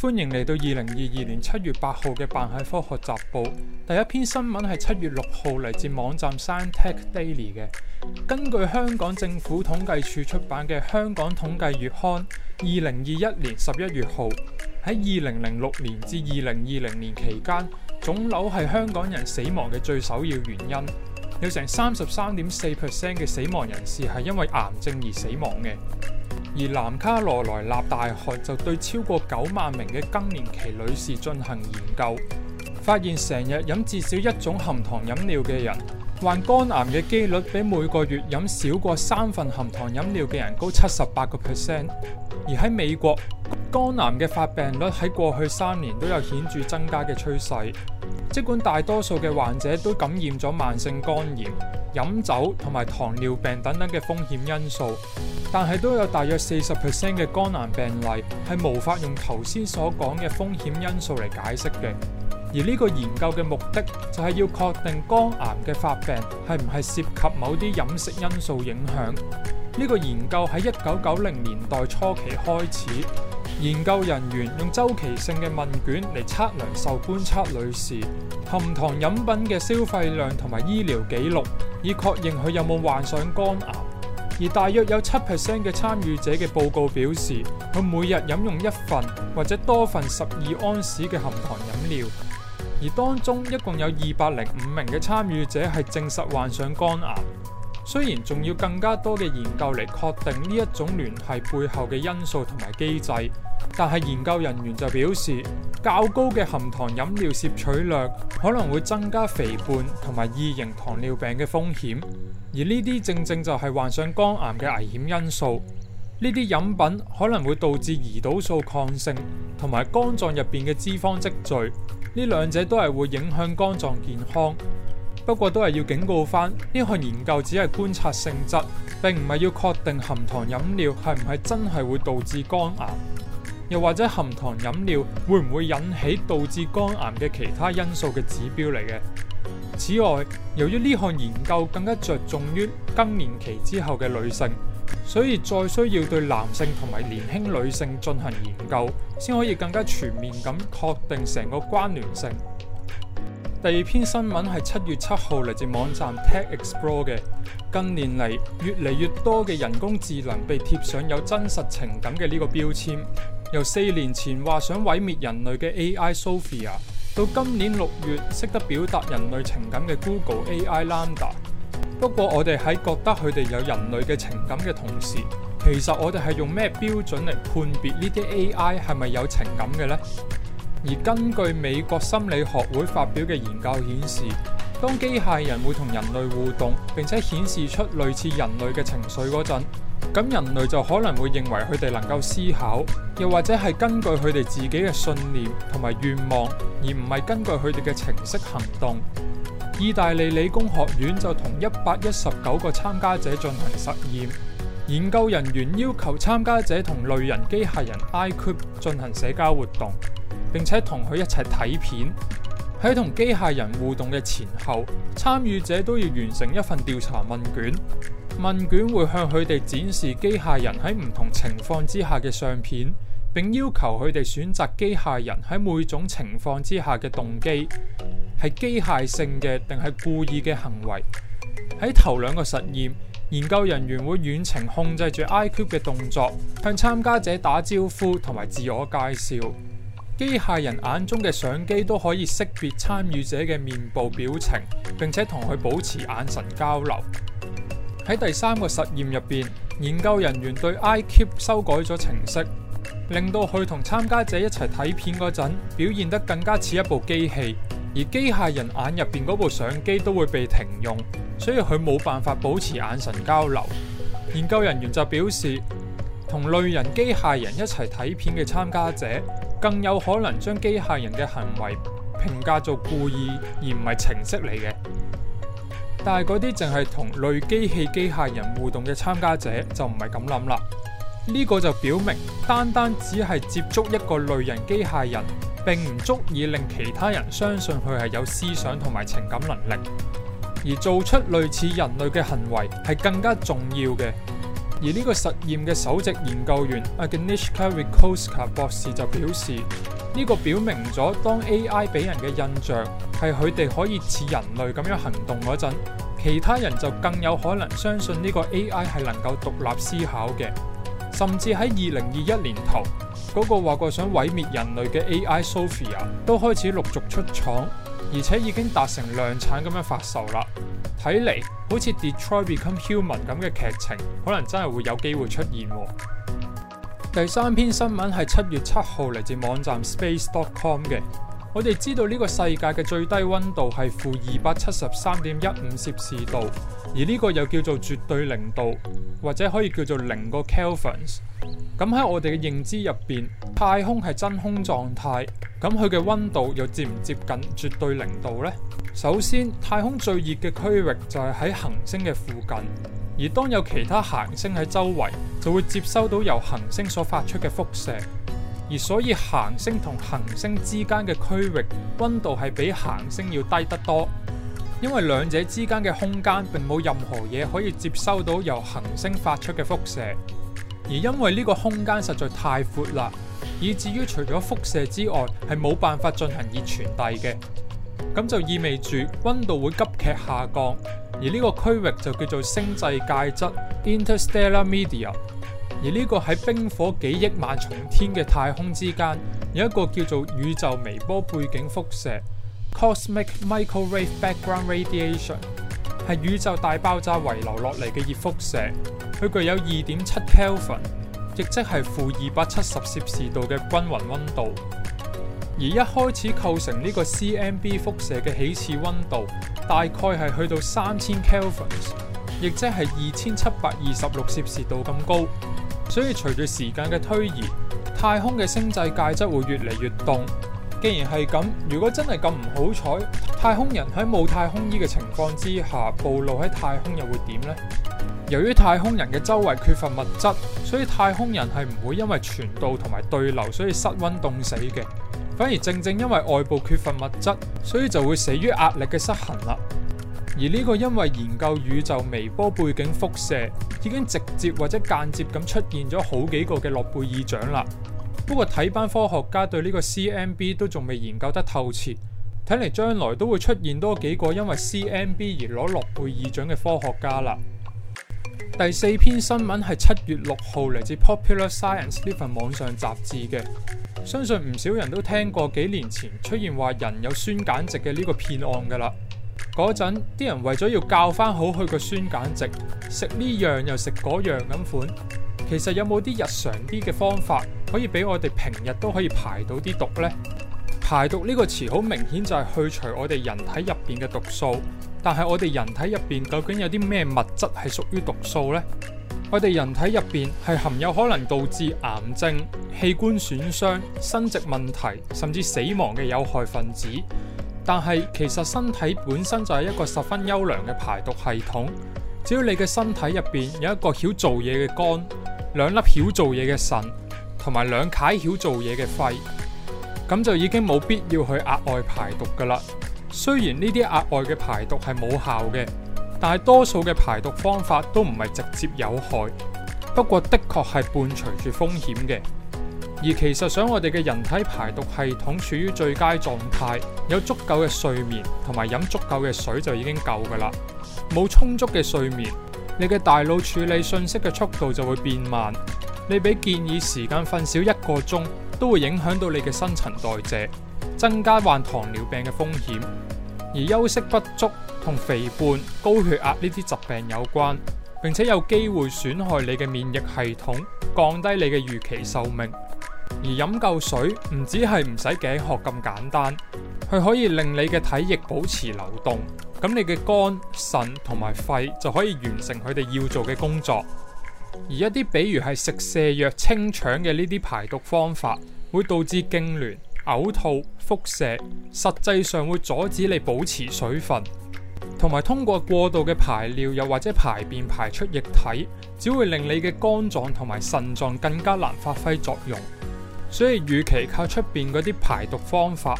歡迎嚟到二零二二年七月八號嘅《扮蟹科學雜報》。第一篇新聞係七月六號嚟自網站 SciTech Daily 嘅。根據香港政府統計處出版嘅《香港統計月刊》，二零二一年十一月號，喺二零零六年至二零二零年期間，腫瘤係香港人死亡嘅最首要原因，有成三十三點四 percent 嘅死亡人士係因為癌症而死亡嘅。而南卡羅來納大學就對超過九萬名嘅更年期女士進行研究，發現成日飲至少一種含糖飲料嘅人，患肝癌嘅幾率比每個月飲少過三份含糖飲料嘅人高七十八個 percent。而喺美國，肝癌嘅發病率喺過去三年都有顯著增加嘅趨勢，即管大多數嘅患者都感染咗慢性肝炎、飲酒同埋糖尿病等等嘅風險因素。但係都有大約四十 percent 嘅肝癌病例係無法用頭先所講嘅風險因素嚟解釋嘅。而呢個研究嘅目的就係要確定肝癌嘅發病係唔係涉及某啲飲食因素影響。呢、這個研究喺一九九零年代初期開始，研究人員用周期性嘅問卷嚟測量受觀測女士含糖飲品嘅消費量同埋醫療記錄，以確認佢有冇患上肝癌。而大約有七 percent 嘅參與者嘅報告表示，佢每日飲用一份或者多份十二安士嘅含糖飲料，而當中一共有二百零五名嘅參與者係證實患上肝癌。雖然仲要更加多嘅研究嚟確定呢一種聯繫背後嘅因素同埋機制。但係研究人員就表示，較高嘅含糖飲料攝取量可能會增加肥胖同埋二型糖尿病嘅風險，而呢啲正正就係患上肝癌嘅危險因素。呢啲飲品可能會導致胰島素抗性同埋肝臟入邊嘅脂肪積聚，呢兩者都係會影響肝臟健康。不過都係要警告返，呢項研究只係觀察性質，並唔係要確定含糖飲料係唔係真係會導致肝癌。又或者含糖飲料會唔會引起導致肝癌嘅其他因素嘅指標嚟嘅？此外，由於呢項研究更加着重於更年期之後嘅女性，所以再需要對男性同埋年輕女性進行研究，先可以更加全面咁確定成個關聯性。第二篇新聞係七月七號嚟自網站 Techxplore 嘅。近年嚟越嚟越多嘅人工智能被貼上有真實情感嘅呢個標籤。由四年前話想毀滅人類嘅 AI Sophia，到今年六月識得表達人類情感嘅 Google AI Lambda。不過我哋喺覺得佢哋有人類嘅情感嘅同時，其實我哋係用咩標準嚟判別呢啲 AI 係咪有情感嘅呢？而根據美國心理學會發表嘅研究顯示，當機械人會同人類互動，並且顯示出類似人類嘅情緒嗰陣。咁人類就可能會認為佢哋能夠思考，又或者係根據佢哋自己嘅信念同埋願望，而唔係根據佢哋嘅程式行動。意大利理工學院就同一百一十九個參加者進行實驗，研究人員要求參加者同類人機械人 iCub 進行社交活動，並且同佢一齊睇片。喺同機械人互動嘅前後，參與者都要完成一份調查問卷。問卷會向佢哋展示機械人喺唔同情況之下嘅相片，並要求佢哋選擇機械人喺每種情況之下嘅動機，係機械性嘅定係故意嘅行為。喺頭兩個實驗，研究人員會遠程控制住 iCub 嘅動作，向參加者打招呼同埋自我介紹。機械人眼中嘅相機都可以識別參與者嘅面部表情，並且同佢保持眼神交流。喺第三個實驗入邊，研究人員對 i k e 修改咗程式，令到佢同參加者一齊睇片嗰陣，表現得更加似一部機器，而機械人眼入邊嗰部相機都會被停用，所以佢冇辦法保持眼神交流。研究人員就表示，同類人機械人一齊睇片嘅參加者，更有可能將機械人嘅行為評價做故意而唔係程式嚟嘅。但係嗰啲淨係同類機器機械人互動嘅參加者就唔係咁諗啦，呢個就表明單單只係接觸一個類人機械人，並唔足以令其他人相信佢係有思想同埋情感能力，而做出類似人類嘅行為係更加重要嘅。而呢個實驗嘅首席研究員 Agnieszka Rycoska 博士就表示，呢個表明咗當 AI 俾人嘅印象係佢哋可以似人類咁樣行動嗰陣，其他人就更有可能相信呢個 AI 係能夠獨立思考嘅。甚至喺二零二一年頭，嗰個話過想毀滅人類嘅 AI Sophia 都開始陸續出廠，而且已經達成量產咁樣發售啦。睇嚟好似 Detroit Become Human 咁嘅劇情，可能真係會有機會出現。第三篇新聞係七月七號嚟自網站 Space.com 嘅。我哋知道呢個世界嘅最低溫度係負二百七十三點一五攝氏度，而呢個又叫做絕對零度，或者可以叫做零個 Kelvins。咁喺我哋嘅認知入邊，太空係真空狀態，咁佢嘅溫度又接唔接近絕對零度呢？首先，太空最熱嘅區域就係喺行星嘅附近，而當有其他行星喺周圍，就會接收到由行星所發出嘅輻射。而所以行星同行星之間嘅區域溫度係比行星要低得多，因為兩者之間嘅空間並冇任何嘢可以接收到由行星發出嘅輻射，而因為呢個空間實在太闊啦，以至於除咗輻射之外係冇辦法進行熱傳遞嘅，咁就意味住溫度會急劇下降，而呢個區域就叫做星際介質 interstellar media 而呢個喺冰火幾億萬重天嘅太空之間，有一個叫做宇宙微波背景輻射 （Cosmic Microwave Background Radiation），係宇宙大爆炸遺留落嚟嘅熱輻射。佢具有2.7 Kelvin，亦即係負二百七十攝氏度嘅均勻溫度。而一開始構成呢個 CMB 輻射嘅起始溫度，大概係去到三千 Kelvin，亦即係二千七百二十六攝氏度咁高。所以隨住時間嘅推移，太空嘅星際介質會越嚟越凍。既然係咁，如果真係咁唔好彩，太空人喺冇太空衣嘅情況之下，暴露喺太空又會點呢？由於太空人嘅周圍缺乏物質，所以太空人係唔會因為傳導同埋對流所以失溫凍死嘅，反而正正因為外部缺乏物質，所以就會死於壓力嘅失衡啦。而呢個因為研究宇宙微波背景輻射，已經直接或者間接咁出現咗好幾個嘅諾貝爾獎啦。不過睇班科學家對呢個 CMB 都仲未研究得透徹，睇嚟將來都會出現多幾個因為 CMB 而攞諾貝爾獎嘅科學家啦。第四篇新聞係七月六號嚟自《Popular Science》呢份網上雜誌嘅，相信唔少人都聽過幾年前出現話人有酸鹼值嘅呢個騙案噶啦。嗰陣啲人為咗要教翻好佢個酸鹼值，食呢樣又食嗰樣咁款。其實有冇啲日常啲嘅方法，可以俾我哋平日都可以排到啲毒呢？排毒呢個詞好明顯就係去除我哋人體入邊嘅毒素。但係我哋人體入邊究竟有啲咩物質係屬於毒素呢？我哋人體入邊係含有可能導致癌症、器官損傷、生殖問題，甚至死亡嘅有害分子。但係其實身體本身就係一個十分優良嘅排毒系統，只要你嘅身體入邊有一個曉做嘢嘅肝，兩粒曉做嘢嘅腎，同埋兩塊曉做嘢嘅肺，咁就已經冇必要去額外排毒噶啦。雖然呢啲額外嘅排毒係冇效嘅，但係多數嘅排毒方法都唔係直接有害，不過的確係伴隨住風險嘅。而其實想我哋嘅人體排毒系統處於最佳狀態，有足夠嘅睡眠同埋飲足夠嘅水就已經夠噶啦。冇充足嘅睡眠，你嘅大腦處理信息嘅速度就會變慢。你比建議時間瞓少一個鐘，都會影響到你嘅新陳代謝，增加患糖尿病嘅風險。而休息不足同肥胖、高血壓呢啲疾病有關，並且有機會損害你嘅免疫系統，降低你嘅預期壽命。而飲夠水唔止係唔使頸渴咁簡單，佢可以令你嘅體液保持流動，咁你嘅肝、腎同埋肺就可以完成佢哋要做嘅工作。而一啲比如係食瀉藥清腸嘅呢啲排毒方法，會導致痙攣、嘔吐、腹瀉，實際上會阻止你保持水分，同埋通過過度嘅排尿又或者排便排出液體，只會令你嘅肝臟同埋腎臟更加難發揮作用。所以，與其靠出邊嗰啲排毒方法，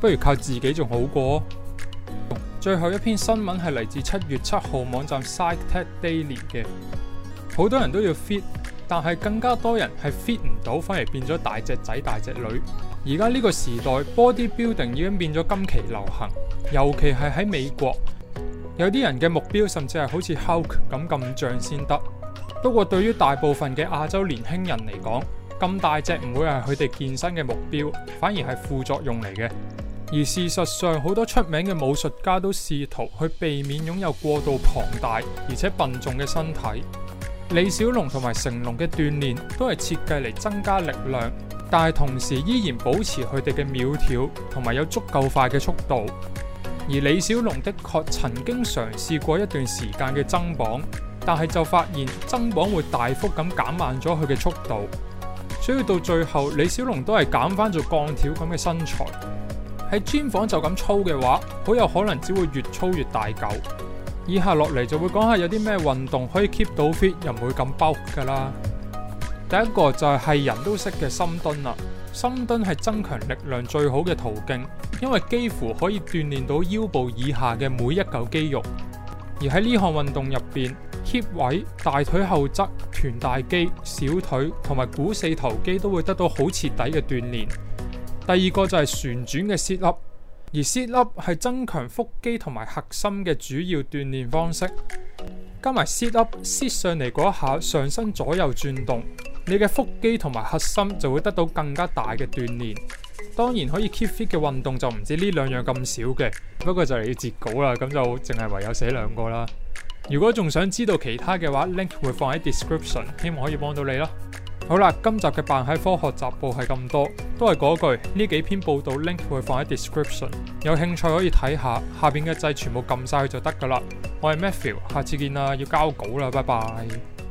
不如靠自己仲好過。最後一篇新聞係嚟自七月七號網站 SciTech Daily 嘅。好多人都要 fit，但係更加多人係 fit 唔到，反而變咗大隻仔大隻女。而家呢個時代，body building 已經變咗今期流行，尤其係喺美國，有啲人嘅目標甚至係好似 Hulk 咁咁壯先得。不過，對於大部分嘅亞洲年輕人嚟講，咁大隻唔會係佢哋健身嘅目標，反而係副作用嚟嘅。而事實上，好多出名嘅武術家都試圖去避免擁有過度龐大而且笨重嘅身體。李小龍同埋成龍嘅鍛煉都係設計嚟增加力量，但係同時依然保持佢哋嘅苗條同埋有足夠快嘅速度。而李小龍的確曾經嘗試過一段時間嘅增磅，但係就發現增磅會大幅咁減慢咗佢嘅速度。所以到最後，李小龍都係減翻做鋼條咁嘅身材。喺 gym 房就咁操嘅話，好有可能只會越操越大嚿。以下落嚟就會講下有啲咩運動可以 keep 到 fit 又唔會咁 bulk 噶啦。第一個就係人都識嘅深蹲啦，啊。深蹲係增強力量最好嘅途徑，因為幾乎可以鍛煉到腰部以下嘅每一嚿肌肉。而喺呢項運動入邊，Keep 位、大腿後側、臀大肌、小腿同埋股四頭肌都會得到好徹底嘅鍛煉。第二個就係旋轉嘅 sit up，而 sit up 係增強腹肌同埋核心嘅主要鍛煉方式。加埋 sit up，sit 上嚟嗰一下，上身左右轉動，你嘅腹肌同埋核心就會得到更加大嘅鍛煉。當然可以 keep fit 嘅運動就唔止呢兩樣咁少嘅，不過就嚟要截稿啦，咁就淨係唯有寫兩個啦。如果仲想知道其他嘅話，link 會放喺 description，希望可以幫到你啦。好啦，今集嘅扮蟹科學雜報係咁多，都係嗰句，呢幾篇報道 link 會放喺 description，有興趣可以睇下，下邊嘅掣全部撳晒佢就得噶啦。我係 Matthew，下次見啦，要交稿啦，拜拜。